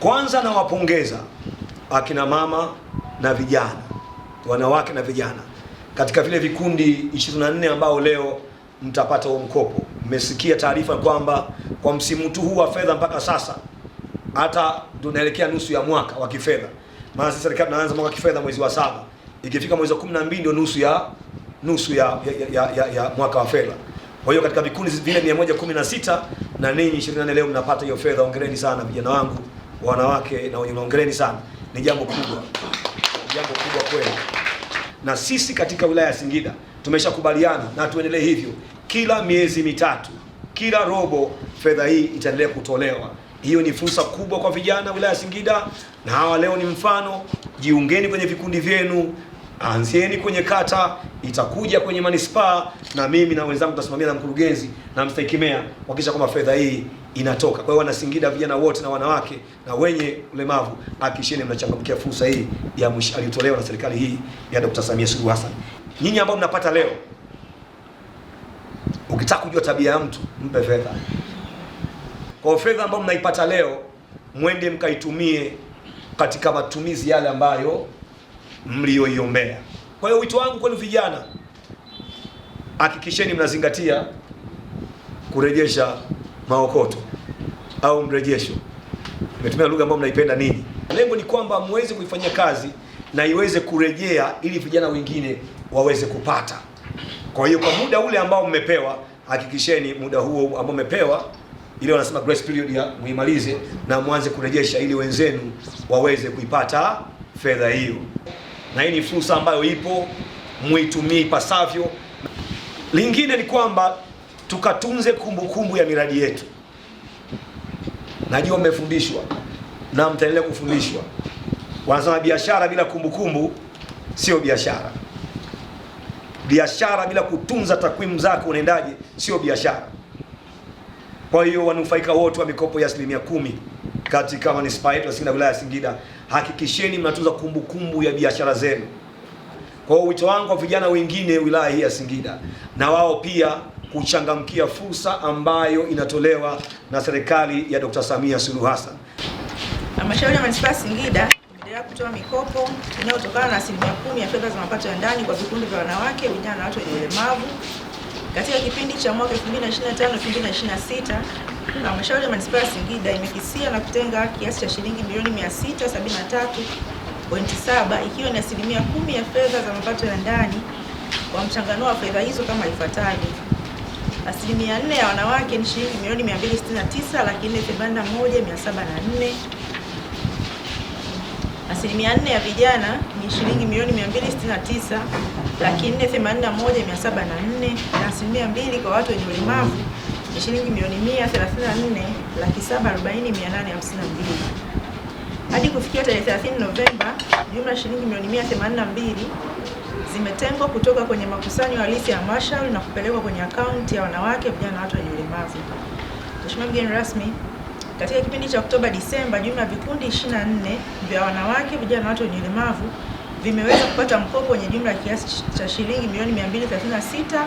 Kwanza nawapongeza akina mama na vijana, wanawake na vijana katika vile vikundi 24 ambao leo mtapata huo mkopo. Mmesikia taarifa kwamba kwa msimu tu huu wa fedha mpaka sasa hata tunaelekea nusu ya mwaka wa kifedha, maana sasa serikali tunaanza mwaka kifedha mwezi wa saba, ikifika mwezi wa 12 ndio nusu ya nusu ya, ya, ya, ya, ya mwaka wa fedha. Kwa hiyo katika vikundi vile 116 na ninyi 24 leo mnapata hiyo fedha. ongereni sana vijana wangu wanawake na wenye sana, ni jambo kubwa, jambo kubwa kweli. Na sisi katika wilaya ya Singida tumeshakubaliana na tuendelee hivyo, kila miezi mitatu, kila robo, fedha hii itaendelea kutolewa. Hiyo ni fursa kubwa kwa vijana wilaya ya Singida, na hawa leo ni mfano. Jiungeni kwenye vikundi vyenu, anzieni kwenye kata, itakuja kwenye manispaa, na mimi na wenzangu tutasimamia na mkurugenzi na mstahiki meya kuhakikisha kwamba fedha hii inatoka. Kwa hiyo Wanasingida, vijana wote na wanawake na wenye ulemavu, hakikisheni mnachangamkia fursa hii ya aliyotolewa na serikali hii ya Dr. Samia Suluhu Hassan. Nyinyi ambao mnapata leo, ukitaka kujua tabia ya mtu mpe fedha. Kwa fedha ambayo mnaipata leo, mwende mkaitumie katika matumizi yale ambayo mlioiombea. Kwa hiyo wito wangu kwenu vijana, hakikisheni mnazingatia kurejesha maokoto au mrejesho, Umetumia lugha ambayo mnaipenda nini Lengo ni kwamba muweze kuifanyia kazi na iweze kurejea ili vijana wengine waweze kupata. Kwa hiyo kwa muda ule ambao mmepewa, hakikisheni muda huo ambao mmepewa ile wanasema grace period ya muimalize na mwanze kurejesha ili wenzenu waweze kuipata fedha hiyo. Na hii ni fursa ambayo ipo, muitumie ipasavyo. Lingine ni kwamba tukatunze kumbukumbu kumbu ya miradi yetu. Najua mmefundishwa na mtaendelea kufundishwa. Wanasema biashara bila kumbukumbu sio biashara. Biashara bila kutunza takwimu zako unaendaje? Sio biashara. Kwa hiyo wanufaika wote wa mikopo ya asilimia kumi katika manispaa yetu ya Singida, wilaya ya Singida, hakikisheni mnatunza kumbukumbu ya biashara zenu. Kwa hiyo wito wangu kwa vijana wengine wilaya hii ya Singida, na wao pia kuchangamkia fursa ambayo inatolewa na serikali ya Dr. Samia Suluhu Hassan. Halmashauri ya Manispaa Singida imeendelea kutoa mikopo inayotokana na asilimia kumi ya fedha za mapato ya ndani kwa vikundi vya wanawake, vijana na watu wenye ulemavu katika kipindi cha mwaka 2025 2026. Halmashauri ya Manispaa Singida imekisia na kutenga kiasi cha shilingi milioni 673.7 ikiwa ni asilimia kumi ya fedha za mapato ya ndani kwa mchanganuo wa fedha hizo kama ifuatavyo: asilimia nne ya wanawake ni shilingi milioni 269 laki nne themanini na moja mia saba na nne. Asilimia nne ya vijana ni shilingi milioni 269 laki nne themanini na moja mia saba na nne, na asilimia mbili kwa watu wenye ulemavu ni shilingi milioni nne laki saba arobaini mia nane hamsini na mbili. Hadi kufikia tarehe 30 Novemba, jumla shilingi milioni mbili zimetengwa kutoka kwenye makusanyo halisi ya halmashauri na kupelekwa kwenye akaunti ya wanawake, vijana na watu wenye ulemavu. Mheshimiwa mgeni rasmi, katika kipindi cha Oktoba Disemba, jumla ya vikundi 24 vya wanawake, vijana na watu wenye ulemavu vimeweza kupata mkopo wenye jumla ya kiasi cha shilingi milioni 236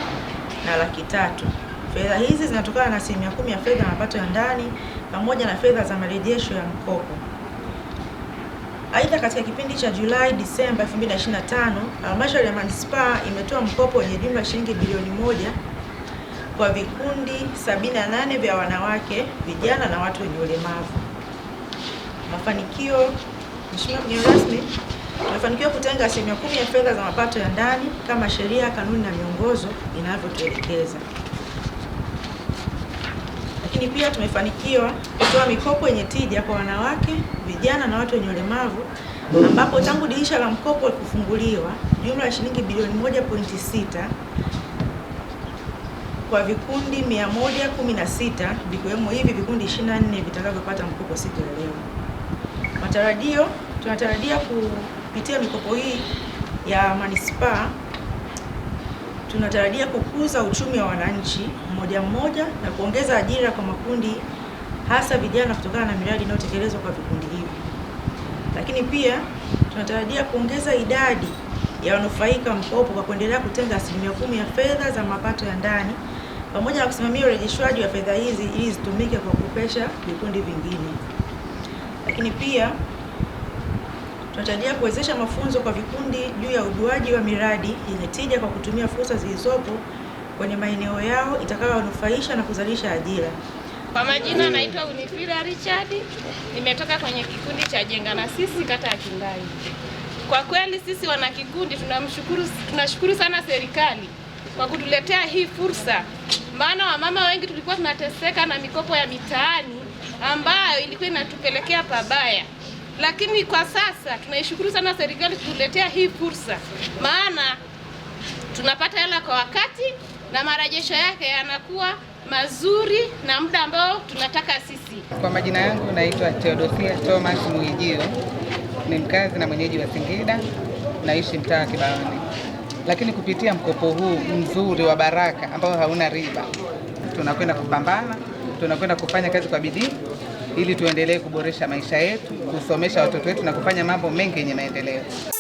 na laki tatu. Fedha hizi zinatokana na asilimia kumi ya fedha ya mapato ya ndani pamoja na fedha za marejesho ya mkopo. Aidha, katika kipindi cha Julai Disemba 2025 halmashauri ya manispaa imetoa mkopo wenye jumla shilingi bilioni moja kwa vikundi 78 vya wanawake, vijana na watu wenye ulemavu. Mafanikio. Mheshimiwa mgeni rasmi, tumefanikiwa kutenga asilimia kumi ya fedha za mapato ya ndani kama sheria, kanuni na miongozo inavyotuelekeza lakini pia tumefanikiwa kutoa mikopo yenye tija kwa wanawake, vijana na watu wenye ulemavu ambapo tangu dirisha la mkopo kufunguliwa jumla ya shilingi bilioni 1.6 kwa vikundi 116 vikiwemo hivi vikundi 24 vitakavyopata mkopo siku ya leo. Matarajio, tunatarajia kupitia mikopo hii ya manispaa tunatarajia kukuza uchumi wa wananchi mmoja mmoja na kuongeza ajira kwa makundi hasa vijana kutokana na miradi inayotekelezwa kwa vikundi hivi. Lakini pia tunatarajia kuongeza idadi ya wanufaika mkopo kwa kuendelea kutenga asilimia kumi ya fedha za mapato ya ndani pamoja na kusimamia urejeshwaji wa fedha hizi ili zitumike kwa kukopesha vikundi vingine. Lakini pia tunatarajia kuwezesha mafunzo kwa vikundi juu ya uduaji wa miradi yenye tija kwa kutumia fursa zilizopo kwenye maeneo yao itakayowanufaisha na kuzalisha ajira. Kwa majina anaitwa Unifira Richard, nimetoka kwenye kikundi cha Jenga na Sisi kata ya Kindai. Kwa kweli sisi wanakikundi tunamshukuru, tunashukuru sana serikali kwa kutuletea hii fursa, maana wamama wengi tulikuwa tunateseka na mikopo ya mitaani ambayo ilikuwa inatupelekea pabaya lakini kwa sasa tunaishukuru sana serikali kutuletea hii fursa, maana tunapata hela kwa wakati na marejesho yake yanakuwa mazuri na muda ambao tunataka sisi. Kwa majina yangu naitwa Theodosia Thomas Mwijio, ni mkazi na mwenyeji wa Singida, naishi mtaa wa Kibaoni. Lakini kupitia mkopo huu mzuri wa Baraka ambao hauna riba, tunakwenda kupambana, tunakwenda kufanya kazi kwa bidii ili tuendelee kuboresha maisha yetu, kusomesha watoto wetu na kufanya mambo mengi yenye maendeleo.